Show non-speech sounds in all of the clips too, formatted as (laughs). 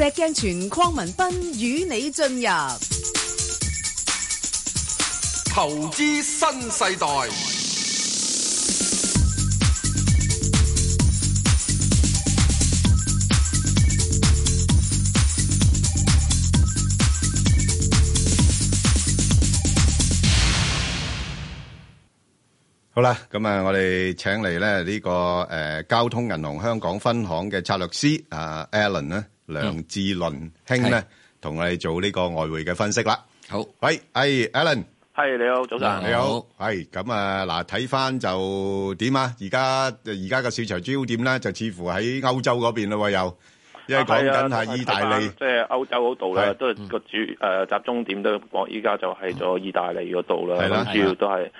石鏡泉、鄺文斌與你進入投資新世代。好啦，咁啊，我哋請嚟咧呢個誒交通銀行香港分行嘅策略師啊 Alan 咧。梁志麟兄咧，同我哋做呢個外匯嘅分析啦。好，喂，係 Alan，係你好，早晨，你好，係咁啊！嗱，睇翻就點啊？而家而家嘅市場焦點咧，就似乎喺歐洲嗰邊咯，又因為講緊係意大利，即係歐洲嗰度咧，都係個主誒、呃、集中點都講，而家就係咗意大利嗰度啦。係、嗯、啦，主要都係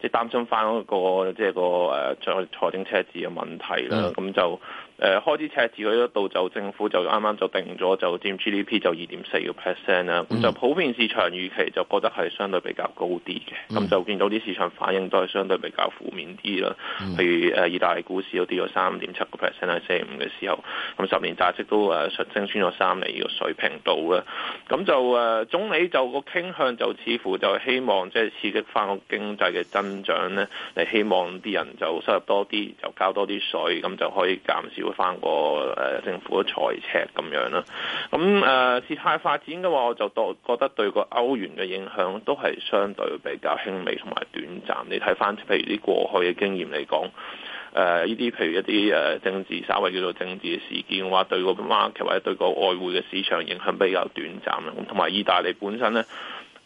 即係擔心翻、那、嗰個即係、那個誒財政赤字嘅問題啦。咁就。誒、呃、開支赤字嗰一度就政府就啱啱就定咗就占 GDP 就二點四個 percent 啦，咁、嗯、就普遍市場預期就覺得係相對比較高啲嘅，咁、嗯、就見到啲市場反應都係相對比較負面啲啦、嗯，譬如誒、呃、意大利股市都跌咗三點七個 percent 喺星期五嘅時候，咁十年債息都誒、呃、上升穿咗三厘嘅水平度啦、啊，咁就誒、呃、總理就個傾向就似乎就希望即係刺激翻個經濟嘅增長咧，嚟希望啲人就收入多啲，就交多啲稅，咁就可以減少。翻過誒政府嘅財赤咁樣啦，咁誒事態發展嘅話，我就覺覺得對個歐元嘅影響都係相對比較輕微同埋短暫。你睇翻譬如啲過去嘅經驗嚟講，誒呢啲譬如一啲誒政治稍微叫做政治嘅事件嘅話，對個 market 或者對個外匯嘅市場影響比較短暫啦。咁同埋意大利本身咧，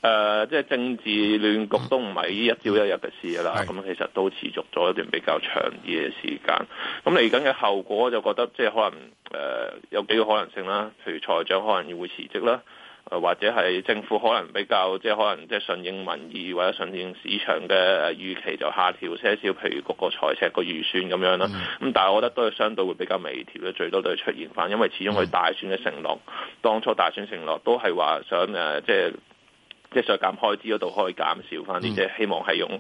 誒、呃，即係政治亂局都唔係一朝一日嘅事啦。咁其實都持續咗一段比較長啲嘅時間。咁嚟緊嘅後果就覺得，即係可能誒、呃、有幾個可能性啦。譬如財長可能要會辭職啦，呃、或者係政府可能比較即係可能即係順應民意或者順應市場嘅預期，就下調些少，譬如嗰個財赤個預算咁樣啦。咁但係我覺得都係相對會比較微調，最多都係出現翻，因為始終佢大選嘅承諾，當初大選承諾都係話想、呃、即係。即係再減開支嗰度可以減少翻啲，即係希望係用誒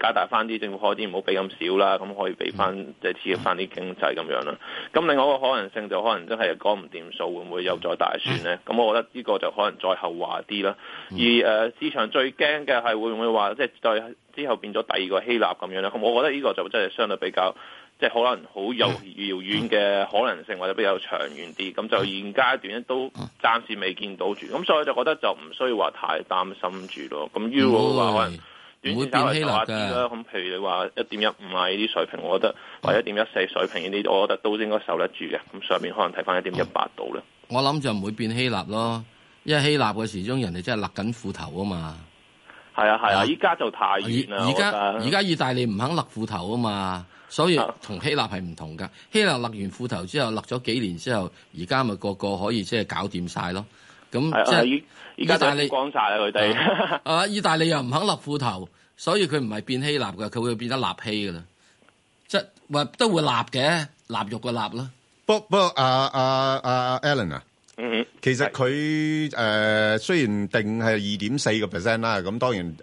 加大翻啲政府開支不要那麼，唔好俾咁少啦，咁可以俾翻即係刺激翻啲經濟咁樣啦。咁另外一個可能性就可能真係講唔掂數，會唔會有再大選咧？咁我覺得呢個就可能再後話啲啦。而誒、啊、市場最驚嘅係會唔會話即係再之後變咗第二個希臘咁樣咧？咁我覺得呢個就真係相對比較。即係可能好有遙遠嘅可能性，或者比較長遠啲，咁就現階段都暫時未見到住，咁所以就覺得就唔需要話太擔心住咯。咁 UO 嘅話可能唔會，會變希臘㗎。咁譬如你話一點一五啊呢啲水平，我覺得或者一點一四水平呢啲，我覺得都應該受得住嘅。咁上面可能睇返一點一八度啦。我諗就唔會變希臘咯，因為希臘嘅時鐘人哋真係勒緊褲頭啊嘛。係啊係啊，依家、啊啊、就太熱啦！而家而家意大利唔肯勒褲頭啊嘛，所以同希臘係唔同噶。希臘勒完褲頭之後，勒咗幾年之後，而家咪個個可以、就是啊、即係搞掂晒咯。咁即係依家，但係你講晒啦佢哋，啊， (laughs) 啊！意大利又唔肯勒褲頭，所以佢唔係變希臘嘅，佢會變得臘希噶啦。即係都會臘嘅，臘肉嘅臘啦。不不，阿阿阿 Alan 啊。嗯，其實佢誒、呃、雖然定係二點四個 percent 啦，咁當然誒歐、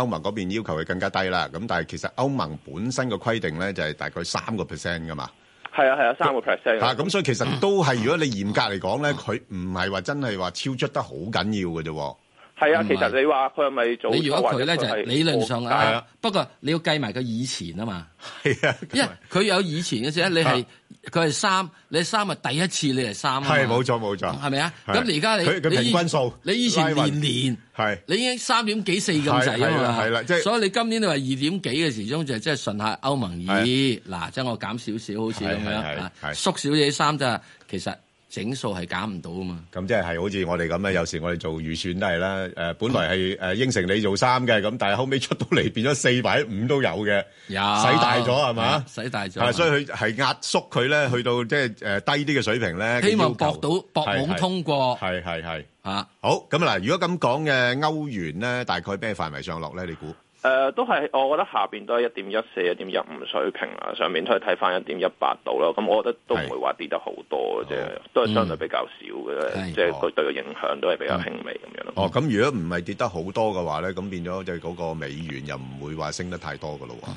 呃、盟嗰邊要求係更加低啦，咁但係其實歐盟本身嘅規定咧就係、是、大概三個 percent 噶嘛係啊係啊，三個 percent。吓咁、啊、所以其實都係，如果你嚴格嚟講咧，佢唔係話真係話超出得好緊要嘅啫。係啊是，其實你話佢係咪做？你如果佢咧就係理論上是啊，不過你要計埋佢以前啊嘛。係啊，因為佢有以前嘅時， (laughs) 你係佢係三，你三係第一次你係三啊嘛。冇錯冇錯，係咪啊？咁而家你你平均數，你以，你以前年年係，啊、你已經三點幾四咁滯啊嘛。係啦、啊啊啊，所以你今年你話二點幾嘅時鐘就即、是、係順下歐盟耳嗱，即係、啊啊、我減少少好似咁樣啊，縮少啲三咋，其實。整數係減唔到啊嘛，咁即係係好似我哋咁咧，有時我哋做預算都係啦，誒，本來係誒應承你做三嘅，咁但係後尾出到嚟變咗四百五都有嘅，有，使大咗係嘛，使大咗，係所以佢係壓縮佢咧，去到即係誒低啲嘅水平咧，希望博到博冇通過，係係係嚇，好咁啊嗱，如果咁講嘅歐元咧，大概咩範圍上落咧？你估？誒、呃，都係，我覺得下邊都係一點一四、一點一五水平啦，上面都係睇翻一點一八度咯。咁我覺得都唔會話跌得好多嘅即啫，都係相對比較少嘅，即係佢對嘅影響都係比較輕微咁樣咯。哦，咁、哦、如果唔係跌得好多嘅話咧，咁變咗就係嗰個美元又唔會話升得太多噶咯？喎、嗯，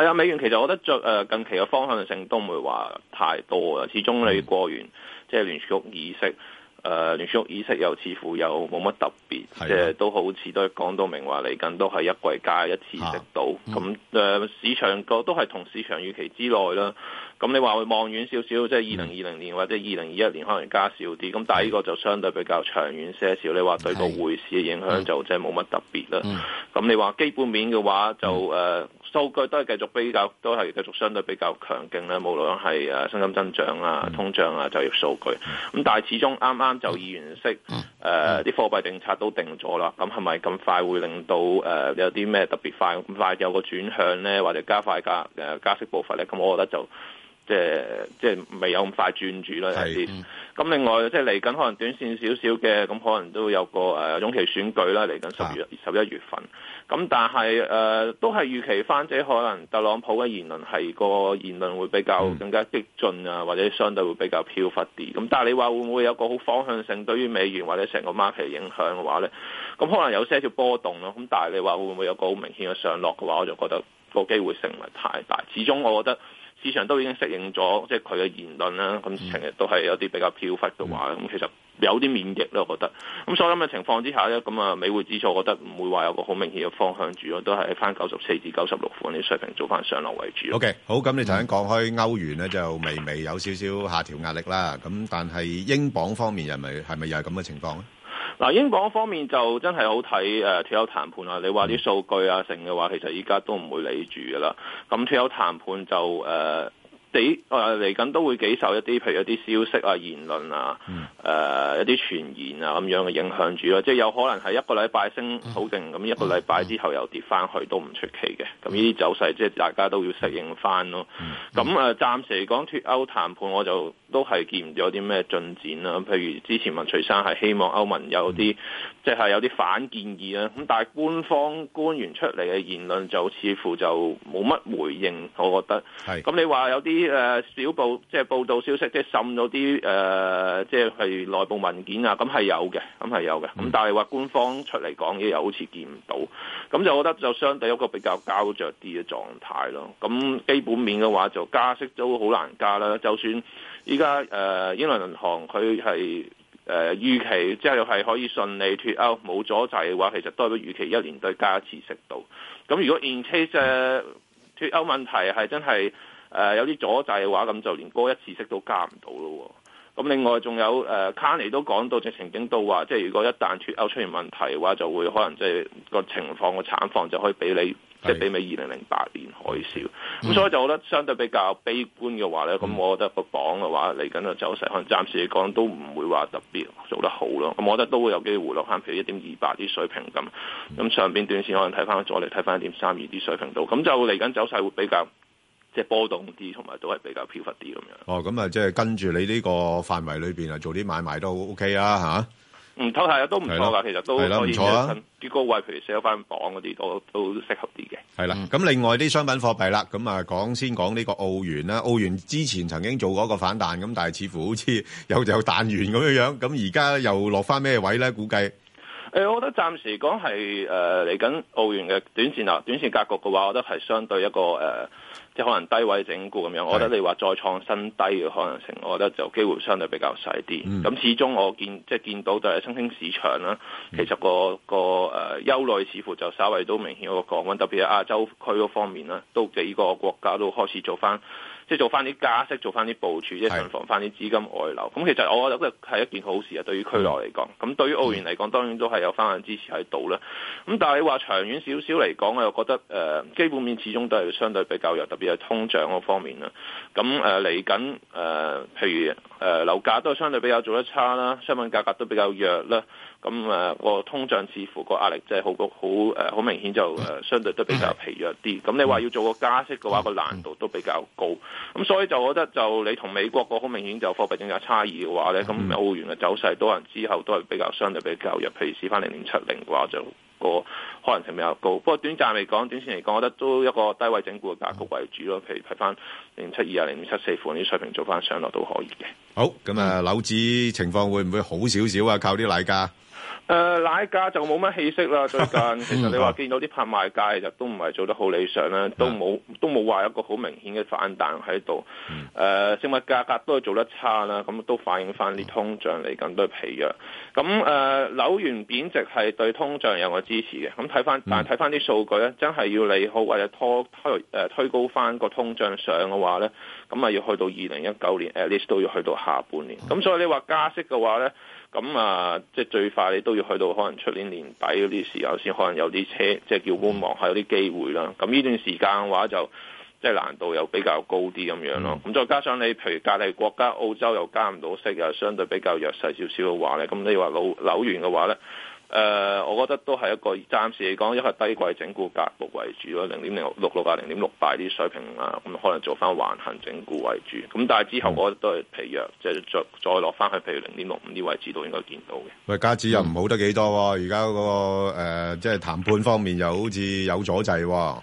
係啊，美元其實我覺得最誒、呃、近期嘅方向性都唔會話太多啊。始終你過完、嗯、即係聯儲局議息。誒、呃、聯儲議息又似乎又冇乜特別。是啊，即係都好似都講到明話，嚟緊都係一季加一次息到，咁、啊、誒、嗯呃、市場個都係同市場預期之內啦。咁你話會望遠少少，即係二零二零年、嗯、或者二零二一年可能加少啲，咁但係呢個就相對比較長遠些少。你話對個匯市嘅影響就即係冇乜特別啦。咁、啊嗯、你話基本面嘅話就誒、嗯呃、數據都係繼續比較都係繼續相對比較強勁啦，無論係誒薪金增長啊、嗯、通脹啊、就業數據，咁但係始終啱啱。咁就議完息，誒啲貨幣政策都定咗啦。咁係咪咁快會令到誒、呃、有啲咩特別快咁快有個轉向咧，或者加快加誒加息步伐咧？咁我覺得就即係即係未有咁快轉住啦有啲。咁另外，即係嚟緊可能短線少少嘅，咁可能都有個誒中期選舉啦，嚟緊十月十一月份。咁、啊、但係誒、呃，都係預期翻，即可能特朗普嘅言論係個言論會比較更加激進啊，或者相對會比較飄忽啲。咁但係你話會唔會有個好方向性對於美元或者成個 market 影響嘅話咧，咁可能有些少波動咯。咁但係你話會唔會有個好明顯嘅上落嘅話，我就覺得個機會性唔係太大。始終我覺得。市場都已經適應咗，即係佢嘅言論啦。咁成日都係有啲比較飄忽嘅話，咁、嗯、其實有啲免疫力、嗯，我覺得。咁所以咁嘅情況之下咧，咁啊美匯指數，我覺得唔會話有個好明顯嘅方向住，都係喺翻九十四至九十六款啲水平做翻上落為主。O、okay, K，好，咁你頭先講開歐元咧，就微微有少少下調壓力啦。咁但係英鎊方面，又咪係咪又係咁嘅情況咧？嗱，英港方面就真係好睇誒脱歐談判啊！你話啲數據啊、成嘅話，其實依家都唔會理住㗎喇。咁脫歐談判就誒。呃幾嚟緊都會幾受一啲，譬如一啲消息啊、言論啊、誒、嗯呃、一啲傳言啊咁樣嘅影響住咯，即係有可能係一個禮拜升好勁，咁一個禮拜之後又跌翻去都唔出奇嘅。咁呢啲走勢即係大家都要適應翻咯。咁誒、啊、暫時嚟講脱歐談判，我就都係見唔到啲咩進展啦。譬如之前文翠珊係希望歐盟有啲、嗯，即係有啲反建議啊。咁但係官方官員出嚟嘅言論就似乎就冇乜回應，我覺得。係。咁你話有啲？啲誒小報即係報道消息，即係滲咗啲誒，即係內部文件啊，咁係有嘅，咁係有嘅。咁但係話官方出嚟講嘢，又好似見唔到，咁就覺得就相對一個比較膠着啲嘅狀態咯。咁基本面嘅話，就加息都好難加啦。就算依家誒英倫銀行佢係誒預期，即係又係可以順利脱歐，冇阻滯嘅話，其實都係預期一年對加一次息到。咁如果 in case 啊、脱歐問題係真係，誒、呃、有啲阻滯嘅話，咁就連嗰一次息都加唔到咯。咁另外仲有誒、呃，卡尼都講到直情景都話，即係如果一旦脱歐出現問題嘅話，就會可能即係個情況個慘況就可以比你即係比你二零零八年海嘯。咁所以就我覺得相對比較悲觀嘅話咧，咁我覺得個榜嘅話嚟緊嘅走勢，可能暫時嚟講都唔會話特別做得好咯。咁我覺得都會有機會落翻，譬如一點二八啲水平咁。咁上邊短線可能睇翻阻力，睇翻一點三二啲水平度。咁就嚟緊走勢會比較。即係波動啲，同埋都係比較飄忽啲咁樣。哦，咁啊，即係跟住你呢個範圍裏面啊，做啲買賣都 OK 啊，嚇。唔錯係啊，透都唔錯噶，其實都可以。啲高位譬如收翻榜嗰啲，都都適合啲嘅。係啦，咁另外啲商品貨幣啦，咁啊講先講呢個澳元啦。澳元之前曾經做過一個反彈，咁但係似乎好似又有彈完咁樣樣，咁而家又落翻咩位咧？估計。欸、我覺得暫時講係誒嚟緊澳元嘅短線啦，短線格局嘅話，我覺得係相對一個誒、呃，即係可能低位整固咁樣。我覺得你話再創新低嘅可能性，我覺得就機會相對比較細啲。咁、嗯、始終我見即係見到就係新興市場啦，其實、那個、嗯、個誒、呃、憂慮似乎就稍微都明顯個降溫，特別係亞洲區嗰方面啦，都幾個國家都開始做翻。即係做翻啲加息，做翻啲部署，即係防防翻啲資金外流。咁其實我覺得係一件好事啊，對於區內嚟講。咁對於澳元嚟講，當然都係有翻嘅支持喺度啦。咁但係你話長遠少少嚟講，我又覺得誒基本面始終都係相對比較弱，特別係通脹嗰方面啦。咁誒嚟緊誒，譬如誒樓價都係相對比較做得差啦，商品價格都比較弱啦。咁誒個通脹似乎個壓力真係好好好明顯，就誒相對都比較疲弱啲。咁、嗯、你話要做個加息嘅話，嗯那個難度都比較高。咁所以就覺得就你同美國個好明顯就貨幣政策差異嘅話咧，咁澳元嘅走勢多人之後都係比較相對比較弱。譬如試翻零零七零嘅話，就個可能性比較高。不過短暫嚟講，短線嚟講，我覺得都一個低位整固嘅格局為主咯。譬如睇翻零七二啊，零七四，款啲水平做翻上落都可以嘅。好，咁啊樓市、嗯、情況會唔會好少少啊？靠啲奶價。誒、呃、奶價就冇乜氣息啦，最近其實你話見到啲拍賣價其實 (laughs) 都唔係做得好理想啦，都冇都冇話一個好明顯嘅反彈喺度。誒、 (laughs) 呃、食物價格都係做得差啦，咁都反映翻啲通脹嚟緊都係疲弱。咁誒紐元貶值係對通脹有個支持嘅。咁睇翻但係睇翻啲數據咧，真係要你好或者推推、呃、推高翻個通脹上嘅話咧，咁啊要去到二零一九年 at least 都要去到下半年。咁 (laughs) 所以你話加息嘅話咧？咁啊，即係最快你都要去到可能出年年底嗰啲時候，先可能有啲車，即係叫觀望，係有啲機會啦。咁呢段時間嘅話就，就即係難度又比較高啲咁樣咯。咁再加上你譬如隔籬國家澳洲又加唔到息，又相對比較弱勢少少嘅話咧，咁你話扭扭完嘅話咧？誒、呃，我覺得都係一個暫時嚟講，一個低貴整固格局為主咯，零點零六六價零點六八啲水平啦，咁、啊嗯、可能做翻橫行整固為主。咁、嗯、但係之後，我覺得都係疲弱，即、就、係、是、再再落翻去譬如零點六五啲位置都應該見到嘅。喂，家姐又唔好得幾多、哦，而家嗰個即係談判方面又好似有阻滯、哦。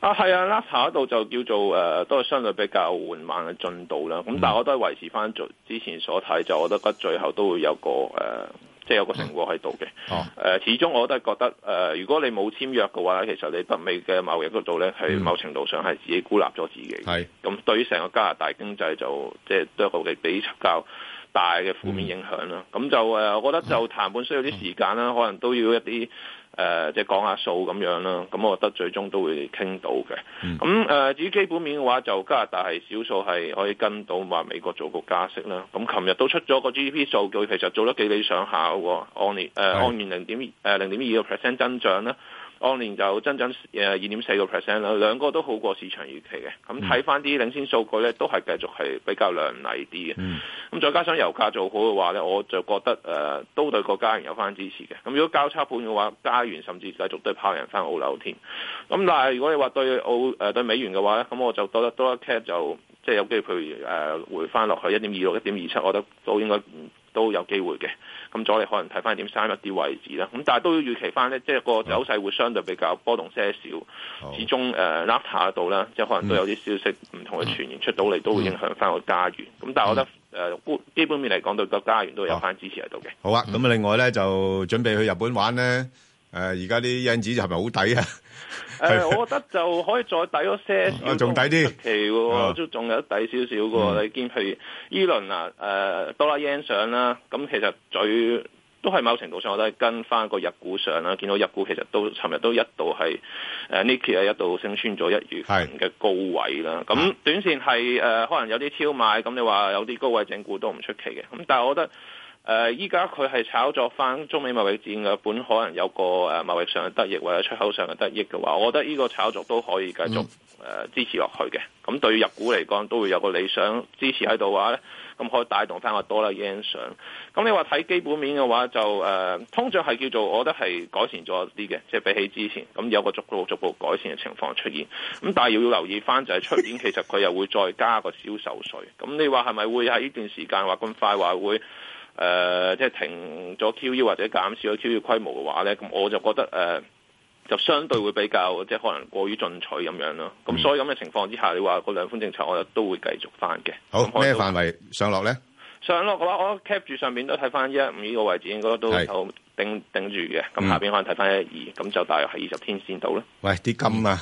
啊，係啊，啦，下一度就叫做誒、呃，都係相對比較緩慢嘅進度啦。咁、嗯嗯、但係我都係維持翻做之前所睇，就我覺得最後都會有個誒。呃即係有個成果喺度嘅，誒、嗯呃、始終我都係覺得，誒、呃、如果你冇簽約嘅話咧，其實你北美嘅貿易嗰度咧，喺某程度上係自己孤立咗自己，咁、嗯、對於成個加拿大經濟就即係都有個比較大嘅負面影響啦。咁、嗯、就誒、呃，我覺得就談判需要啲時間啦、嗯，可能都要一啲。誒、呃，即係講下數咁樣啦，咁我覺得最終都會傾到嘅。咁、嗯、誒、呃，至於基本面嘅話，就加拿大係少數係可以跟到話美國做個加息啦。咁琴日都出咗個 GDP 數據，其實做得幾理想下喎，按年誒、呃、按年零點零點二個 percent 增長啦。當年就增長誒二點四個 percent 啦，兩個都好過市場預期嘅。咁睇翻啲領先數據咧，都係繼續係比較亮麗啲嘅。咁、嗯、再加上油價做好嘅話咧，我就覺得誒、呃、都對個加元有翻支持嘅。咁如果交叉盤嘅話，加元甚至繼續都係拋人翻澳紐添。咁但係如果你話對澳誒、呃、對美元嘅話咧，咁我就覺得多一 cap 就即係有機會譬如誒回翻落去一點二六、一點二七，我覺得都應該。都有機會嘅，咁再嚟可能睇翻點深一啲位置啦。咁但係都要預期翻咧，即係個走勢會相對比較波動些少、嗯。始終 Latta 度啦，即係可能都有啲消息唔、嗯、同嘅傳言出到嚟，都會影響翻個家園。咁、嗯、但係我覺得誒、嗯呃、基本面嚟講，對個家園都會有翻支持喺度嘅。好啊，咁啊，另外咧就準備去日本玩咧。誒而家啲 yen 紙就係咪好抵啊？誒、呃，我覺得就可以再抵咗些仲抵啲，期都仲有得抵少少嘅。你見佢如依輪啊，誒、呃、多啦 yen 上啦、啊，咁其實最都係某程度上我都係跟翻個日股上啦、啊，見到日股其實都尋日都一度係 Nikkei 一度升穿咗一月份嘅高位啦、啊。咁短線係誒、呃、可能有啲超買，咁你話有啲高位整固都唔出奇嘅。咁但係我覺得。誒、呃，依家佢係炒作翻中美貿易戰嘅本，可能有個、啊、貿易上嘅得益或者出口上嘅得益嘅話，我覺得呢個炒作都可以繼續誒、呃、支持落去嘅。咁對於入股嚟講，都會有個理想支持喺度話咧，咁可以帶動翻個多啦應上。咁你話睇基本面嘅話，就誒、啊，通脹係叫做，我覺得係改善咗啲嘅，即、就、係、是、比起之前，咁有個逐步逐步改善嘅情況出現。咁但係要留意翻就係、是、出年，其實佢又會再加個銷售稅。咁你話係咪會喺呢段時間話咁快話會？誒、呃，即係停咗 QE 或者減少咗 QE 規模嘅話咧，咁我就覺得誒、呃，就相對會比較即係可能過於進取咁樣咯。咁所以咁嘅情況之下，你話嗰兩款政策，我都會繼續翻嘅。好，咩範圍上落咧？上落嘅話，我 cap 住上邊都睇翻一五呢個位置，應該都有頂頂住嘅。咁下邊可能睇翻一二，咁就大約係二十天線度啦。喂，啲金啊？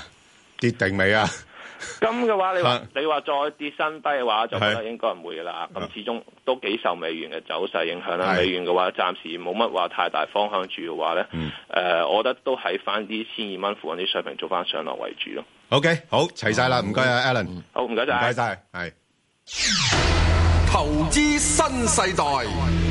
跌定未啊？ (laughs) 咁 (laughs) 嘅話，你話你話，再跌新低嘅話，就應該唔會啦。咁始終都幾受美元嘅走勢影響啦。美元嘅話，暫時冇乜話太大方向住嘅話咧，誒、嗯呃，我覺得都喺翻啲千二蚊附近啲水平做翻上落為主咯。OK，好，齊晒啦，唔該啊，Alan，、嗯、好，唔該晒，唔該晒，係。投資新世代。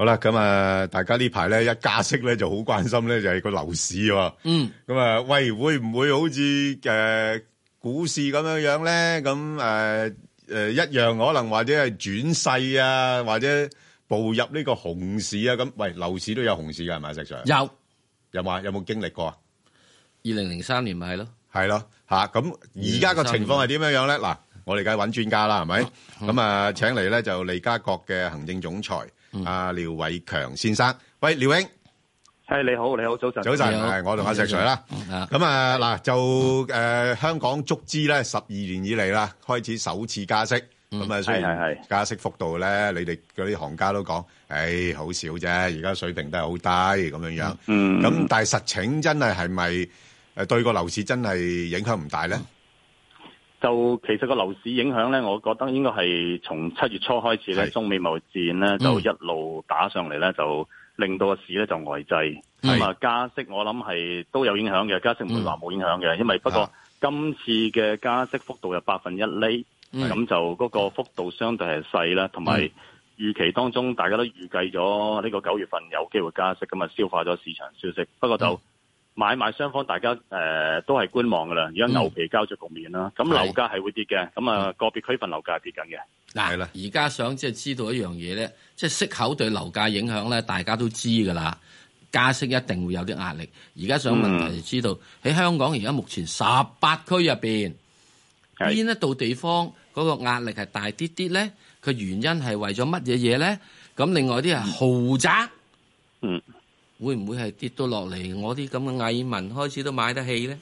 好啦，咁啊，大家呢排咧一加息咧就好關心咧，就係個樓市喎。嗯。咁啊，喂，會唔會好似誒股市咁樣樣咧？咁誒誒，一樣可能或者係轉勢啊，或者步入呢個熊市啊？咁，喂，樓市都有熊市噶係咪石 Sir？有。有冇啊？有冇經歷過啊？二零零三年咪係咯。係咯吓，咁而家個情況係點樣樣咧？嗱，我哋梗係揾專家啦，係咪？咁啊，請嚟咧就利嘉閣嘅行政總裁。阿廖偉強先生，喂，廖永，係你好，你好，早晨，早晨，係我同阿石水啦。咁啊，嗱就誒，香港足資咧，十二年以嚟啦，開始首次加息，咁啊，雖然加息幅度咧，你哋嗰啲行家都講，誒，好少啫，而家水平都係好低咁樣樣。咁但係實情真係係咪誒對個樓市真係影響唔大咧？就其實個樓市影響咧，我覺得應該係從七月初開始咧，中美貿易戰咧就一路打上嚟咧、嗯，就令到個市咧就呆滯。咁啊，加息我諗係都有影響嘅，加息唔會話冇影響嘅、嗯，因為不過、啊、今次嘅加息幅度有百分一厘，咁就嗰個幅度相對係細啦。同埋預期當中大家都預計咗呢個九月份有機會加息，咁啊，消化咗市場消息。不過就。買賣雙方大家誒、呃、都係觀望㗎啦，而家牛皮交咗局面啦。咁、嗯、樓價係會跌嘅，咁啊、那個別區份樓價跌緊嘅。嗱、嗯、啦，而家想即係知道一樣嘢咧，即、就、係、是、息口對樓價影響咧，大家都知㗎啦。加息一定會有啲壓力。而家想問題就知道喺、嗯、香港而家目前十八區入面，邊一度地方嗰個壓力係大啲啲咧？佢原因係為咗乜嘢嘢咧？咁另外啲係豪宅，嗯。會唔會係跌到落嚟？我啲咁嘅蟻民開始都買得起咧？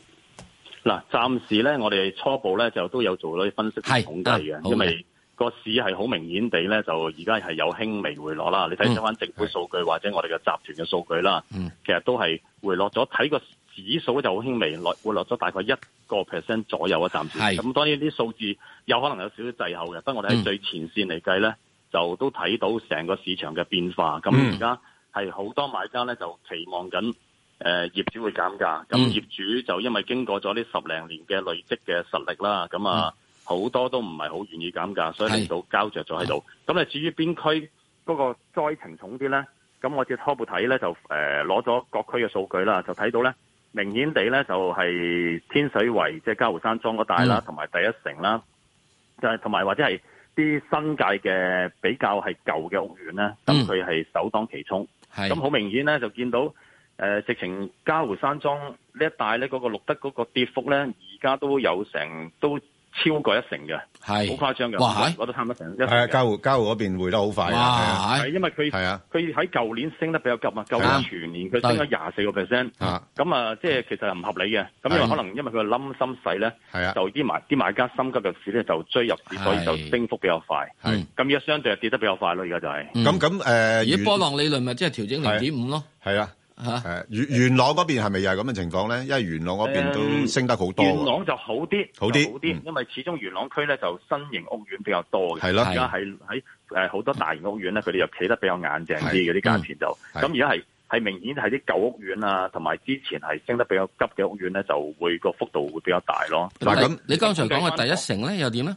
嗱，暫時咧，我哋初步咧就都有做咗分析、統計嘅、啊，因為個市係好明顯地咧，就而家係有輕微回落啦、嗯。你睇睇翻政府數據或者我哋嘅集團嘅數據啦，嗯、其實都係回落咗。睇個指數就好輕微回落，落咗大概一個 percent 左右啊。暫時咁當然啲數字有可能有少少滯後嘅，不過我哋喺最前線嚟計咧、嗯，就都睇到成個市場嘅變化。咁而家係好多買家咧就期望緊，誒、呃、業主會減價，咁、嗯、業主就因為經過咗呢十零年嘅累積嘅實力啦，咁啊好、嗯、多都唔係好願意減價，所以令到膠着咗喺度。咁、嗯、咧至於邊區嗰個災情重啲咧，咁我接初步睇咧就誒攞咗各區嘅數據啦，就睇到咧明顯地咧就係、是、天水圍即係、就是、嘉湖山莊嗰帶啦，同、嗯、埋第一城啦，就係同埋或者係啲新界嘅比較係舊嘅屋苑咧，咁佢係首當其衝。咁好明顯咧，就見到誒、呃，直情嘉湖山莊呢一帶咧，嗰個錄得嗰個跌幅咧，而家都有成都。超過一成嘅，係好誇張嘅，我都差唔多成一成。係啊，嘉湖嘉湖嗰邊回得好快啊！係因為佢係啊，佢喺舊年升得比較急啊，舊年全年佢升咗廿四個 percent。咁啊，即係其實唔合理嘅。咁因為可能因為佢嘅冧心勢咧，就啲買啲買家心急嘅市咧，就追入市，所以就升幅比較快。咁而家相對係跌得比較快咯，而家就係。咁咁誒，而家波浪理論咪即係調整零點五咯。係啊。嚇、啊！元元朗嗰邊係咪又係咁嘅情況咧？因為元朗嗰邊都升得好多。元朗就好啲，好啲，好、嗯、啲。因為始終元朗區咧，就新型屋苑比較多嘅。係咯，而家喺喺誒好多大型屋苑咧，佢哋又企得比較硬鏡啲嗰啲價錢就。咁而家係係明顯係啲舊屋苑啊，同埋之前係升得比較急嘅屋苑咧，就會個幅度會比較大咯。嗱，咁你剛才講嘅第一城咧又點咧？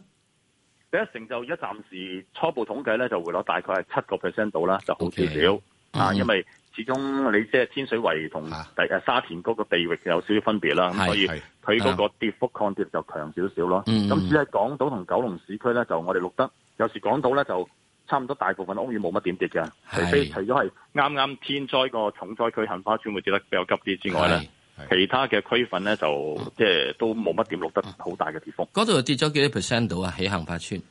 第一城就一暫時初步統計咧，就回落大概係七個 percent 度啦，就好少少啊，因為。嗯始終你即係天水圍同誒沙田嗰個地域有少少分別啦，咁所以佢嗰個跌幅抗跌就強少少咯。咁、嗯、只係港島同九龍市區咧，就我哋錄得有時港島咧就差唔多大部分屋苑冇乜點跌嘅，除非除咗係啱啱天災個重災區杏花村會跌得比較急啲之外咧，其他嘅區份咧就即係都冇乜點錄得好大嘅跌幅。嗰、嗯、度、嗯嗯嗯、跌咗幾多 percent 到啊？喺杏花村。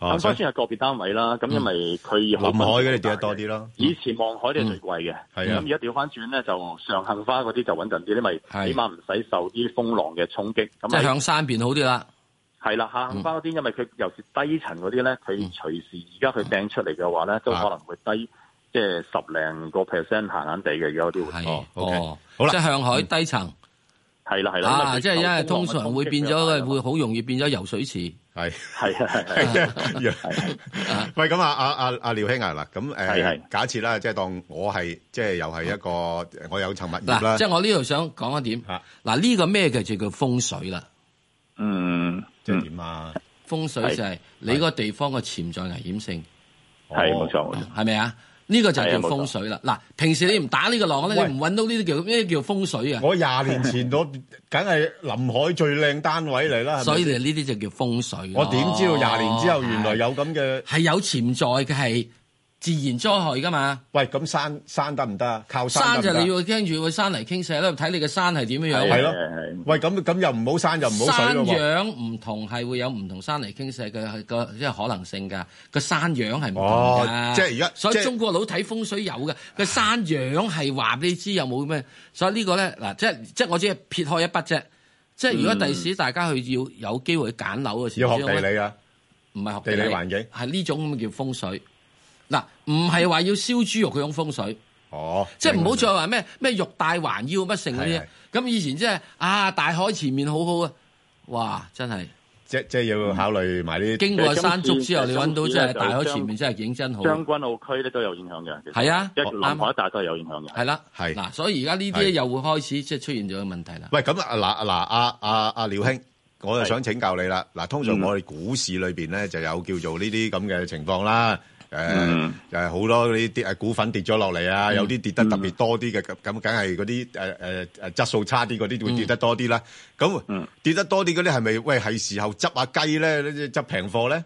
咁首先係個別單位啦，咁、嗯、因為佢要望海嘅，你跌得多啲咯、嗯。以前望海啲係最貴嘅，係咁而家調翻轉咧，就上杏花嗰啲就穩陣啲，因為起碼唔使受啲風浪嘅衝擊。就即係向山邊好啲啦。係啦，下杏花嗰啲，因為佢又是低層嗰啲咧，佢、嗯、隨時而家佢掟出嚟嘅話咧、嗯，都可能會低即係十零個 percent 閒閒哋嘅，而家啲會多。哦，okay，哦好啦，即係向海低層。嗯係啦，係啦，即係因為通常會變咗，會好容易變咗游水池。係係啊係係，是是 (laughs) 是是是 (laughs) 喂，咁啊啊啊啊，啊！廖兄啊，嗱、咁、呃、誒，假設啦，即係當我係，即係又係一個我有層物業啦、啊。即係我呢度想講一點，嗱、呢、啊，這個咩叫做風水啦？嗯，即係點啊？風水就係你個地方嘅潛在危險性，係冇錯，係咪啊？哦呢、呢個就係叫風水啦！嗱、啊，平時你唔打呢個浪咧，你唔揾到呢啲叫咩叫風水啊！我廿年前 (laughs) 我梗係臨海最靚單位嚟啦，所以嚟呢啲就叫風水了。我點知道廿年之後原來有咁嘅係有潛在嘅係。係自然災害噶嘛？喂，咁山山得唔得？靠山山就你要聽住個山泥傾瀉啦，睇你嘅山係點樣樣。係咯。喂，咁咁又唔好山又唔好水咯。山樣唔同係會有唔同山泥傾瀉嘅即係可能性㗎。個山樣係唔同㗎、哦。即係而家，所以中國佬睇風水有嘅。個山樣係話俾你知有冇咩？所以個呢個咧嗱，即係即我只係撇開一筆啫。即係如果第時大家去要有機會揀樓嘅時候，要學地理㗎，唔係學地理，地理環境。係呢種咁叫風水。嗱、啊，唔係話要燒豬肉嗰種風水哦，即係唔好再話咩咩玉帶環腰乜剩呢。啲咁。以前即、就、係、是、啊大海前面好好啊，哇真係即即係要考慮埋啲、嗯、經過山竹之後，你揾到即係大海前面真係景真好將。將軍澳區咧都有影響嘅，係啊，南海大都有影響嘅，係啦，係嗱、啊，所以而家呢啲又會開始即係出現咗問題啦。喂，咁啊嗱嗱阿阿阿廖兄，我就想請教你啦。嗱、啊，通常我哋股市裏邊咧就有叫做呢啲咁嘅情況啦。誒、嗯、誒，好、嗯、多呢啲股份跌咗落嚟啊！有啲跌得特別多啲嘅，咁咁梗係嗰啲誒誒質素差啲嗰啲會跌得多啲啦。咁、嗯嗯、跌得多啲嗰啲係咪？喂，係時候執下雞咧？呢啲執平貨咧？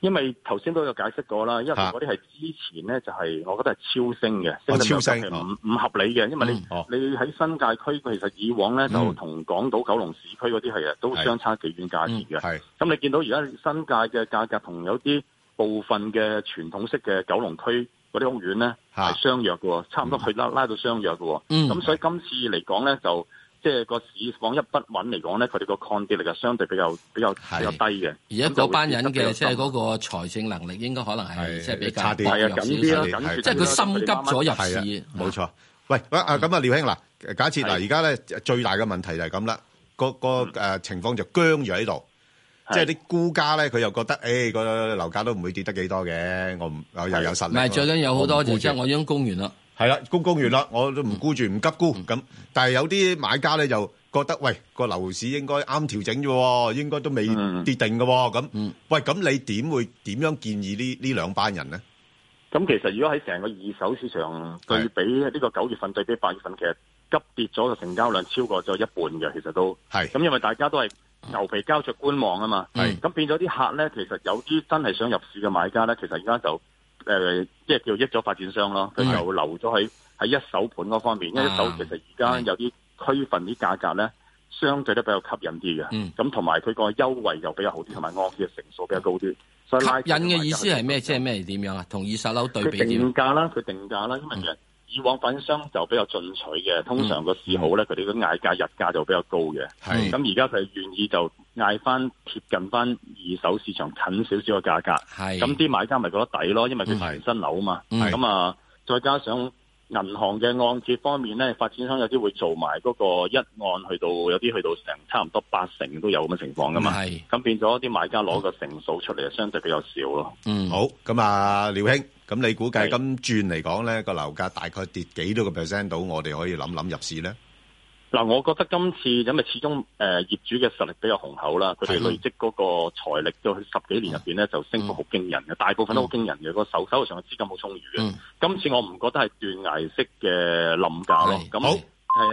因為頭先都有解釋過啦，因為嗰啲係之前咧就係、是啊，我覺得係超升嘅、啊，超升唔唔合理嘅，因為你、哦、你喺新界區其實以往咧、嗯、就同港島、九龍市區嗰啲係啊都相差幾遠價錢嘅。咁、嗯、你見到而家新界嘅價格同有啲。部分嘅傳統式嘅九龍區嗰啲屋苑咧係相約喎，差唔多去拉拉到相約喎。咁、嗯、所以今次嚟講咧，就即係個市況一不穩嚟講咧，佢哋個抗跌力係相對比較比較比較低嘅。而家嗰班人嘅即係嗰個財政能力應該可能係即係比較差啲。係啊，緊啲啦，即係佢心急咗入市。冇、就是、錯。喂，啊咁啊，廖兄嗱，假設嗱，而家咧最大嘅問題就係咁啦，個個、呃、情況就僵咗喺度。即係啲沽家咧，佢又覺得，誒個樓價都唔會跌得幾多嘅。我唔又又有實力，唔係最近有好多，就即係我已經供完啦。係啦，供供完啦，我都唔沽住，唔急沽。咁但係有啲買家咧，又覺得，喂個樓市應該啱調整啫，應該都未跌定嘅。咁，喂咁你點會點樣建議呢？呢兩班人咧？咁其實如果喺成個二手市場對比呢個九月份對比八月份，其實急跌咗嘅成交量超過咗一半嘅，其實都係咁，因為大家都係。牛皮膠着觀望啊嘛，係、嗯、咁變咗啲客咧，其實有啲真係想入市嘅買家咧，其實而家就誒，即、呃、係叫益咗發展商咯，佢、嗯、就留咗喺喺一手盤嗰方面，啊、因為一手其實而家有啲區分啲價格咧，相對都比較吸引啲嘅，咁同埋佢個優惠又比較好啲，同埋按揭嘅成數比較高啲。吸引嘅意思係咩？即係咩？點樣啊？同二手樓對比定價啦，佢定價啦，因為嘅、嗯。以往發展商就比較進取嘅，通常個市好咧，佢哋嘅嗌價日價就比較高嘅。咁而家佢願意就嗌翻貼近翻二手市場近少少嘅價格。咁啲買家咪覺得抵咯，因為佢賣新樓啊嘛。咁、嗯、啊，再加上銀行嘅按揭方面咧，發展商有啲會做埋嗰個一按去到有啲去到成，去到成差唔多八成都有咁嘅情況噶嘛。咁變咗啲買家攞個成數出嚟，相對比較少咯。嗯，好咁啊，廖兄。咁你估計今轉嚟講咧，個樓價大概跌幾多個 percent 到，我哋可以諗諗入市咧？嗱，我覺得今次因為始終誒業主嘅實力比較雄厚啦，佢哋累積嗰個財力到去十幾年入邊咧就升幅好驚人嘅，大部分都好驚人嘅，個手手頭上嘅資金好充裕嘅。今次我唔覺得係斷崖式嘅冧價咯。好。